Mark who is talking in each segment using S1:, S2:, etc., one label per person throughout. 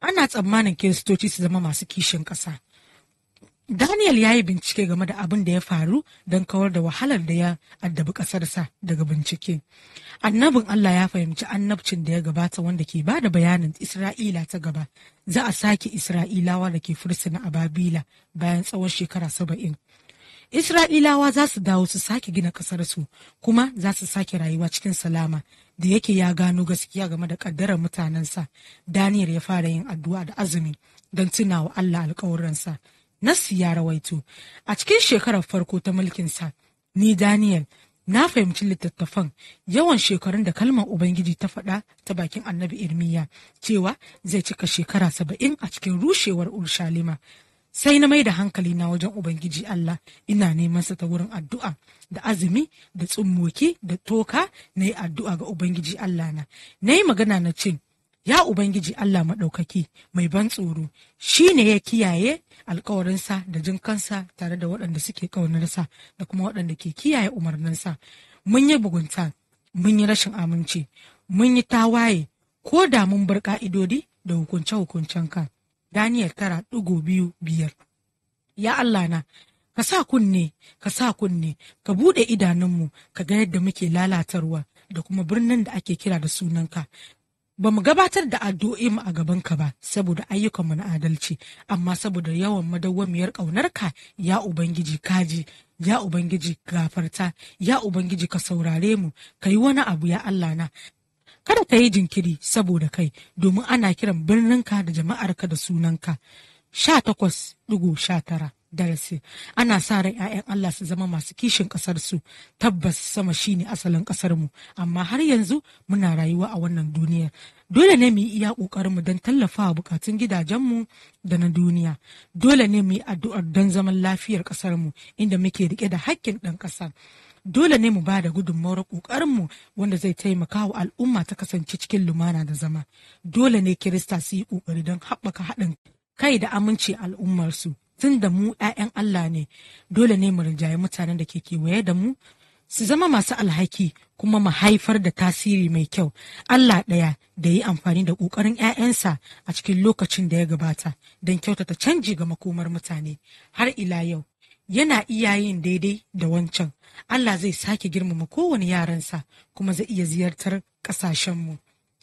S1: ana tsammanin kiristoci su zama masu kishin ƙasa. Daniel ya yi bincike game da abin da ya faru don kawar da wahalar da ya addabi ƙasarsa daga bincike. Annabin Allah ya fahimci annabcin da ya gabata wanda ke ba da bayanin Isra'ila ta gaba. Za a sake Isra'ilawa da ke fursuna a Babila bayan tsawon shekara saba'in. Isra'ilawa za su dawo su sake gina ƙasarsu kuma za su sake rayuwa cikin salama da yake ya gano gaskiya game da kaddarar mutanensa daniel ya fara yin addu'a da azumi don tunawa allah alkawuransa nassi ya rawaito a cikin shekarar farko ta mulkinsa ni daniel na fahimci littattafan yawan shekarun da kalmar ubangiji ta faɗa ta bakin annabi irmiya cewa zai cika shekara saba'in a cikin rushewar urshalima sai na mai da hankali na wajen ubangiji Allah ina neman sa ta wurin addu'a da azumi da tsummoki da toka na yi addu'a ga ubangiji Allah na na yi magana na cin ya ubangiji Allah maɗaukaki mai ban tsoro shi ne ya kiyaye alkawarinsa da jinkansa tare da waɗanda suke ƙaunarsa da kuma waɗanda ke kiyaye umarninsa mun yi bugunta mun yi rashin aminci mun yi tawaye ko da mun bar ƙa'idodi da hukunce hukuncen ka Daniel tara ɗigo biyu biyar. Ya Allah na, ka sa kunne, ka sa kunne, ka buɗe idanunmu, ka ga yadda muke lalatarwa da kuma birnin da ake kira da sunanka. ba mu gabatar da addu'o'i mu a gabanka ba saboda ayyukanmu na adalci amma saboda yawan madawwamiyar ƙaunarka ya ubangiji kaji ya ubangiji gafarta ya ubangiji ka saurare mu ka yi wani abu ya Allah na kada ka yi jinkiri saboda kai domin ana kiran birninka da jama'arka da sunanka tara. darasi ana sa ran 'ya'yan Allah su zama masu kishin ƙasarsu tabbas sama shine asalin ƙasar mu amma har yanzu muna rayuwa a wannan duniyar dole ne mu yi iya ƙoƙarinmu don wa bukatun gidajenmu da na duniya dole ne mu yi addu'ar don zaman lafiyar ƙasar mu inda muke riƙe da haƙƙin ɗan ƙasar dole ne mu ba da gudunmawar ƙoƙarinmu wanda zai taimaka wa al'umma ta kasance cikin lumana da zama dole ne kirista su yi ƙoƙari don haɓaka haɗin kai da aminci al'ummarsu tun da mu 'ya'yan Allah ne dole ne mu rinjaye mutanen da ke kewaye da mu su zama masu alhaki kuma mu haifar da tasiri mai kyau Allah ɗaya da yi amfani da ƙoƙarin 'ya'yansa a cikin lokacin da ya gabata don kyautata canji ga makomar mutane har ila yau yana iya yin daidai da wancan Allah zai sake girmama kowane yaransa kuma zai iya ziyartar ƙasashenmu.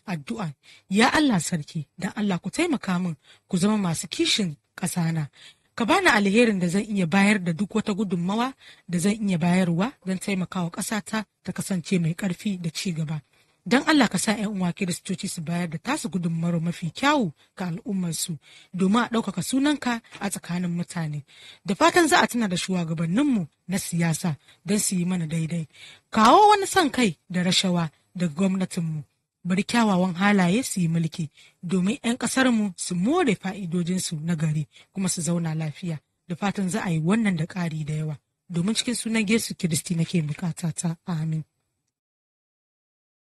S1: Addu'a, ya Allah sarki, dan Allah ku taimaka min ku zama masu kishin ƙasana. Ka bani alherin da zan iya bayar da duk wata gudunmawa da zan iya bayarwa don taimakawa ƙasata ta kasance mai ƙarfi da ci gaba. don Allah ka sa 'yan uwa kiristoci su bayar da tasu gudunmawar mafi kyawu ga al'ummarsu domin a ɗaukaka sunanka a tsakanin mutane da fatan za a tuna da shugabanninmu na siyasa don su yi mana daidai kawo wani son kai da rashawa daga gwamnatinmu bari kyawawan halaye su yi mulki domin 'yan ƙasarmu su more fa'idojinsu na gari kuma su zauna lafiya da fatan za a yi wannan da ƙari da yawa domin cikin sunan yesu kiristi nake bukata ta amin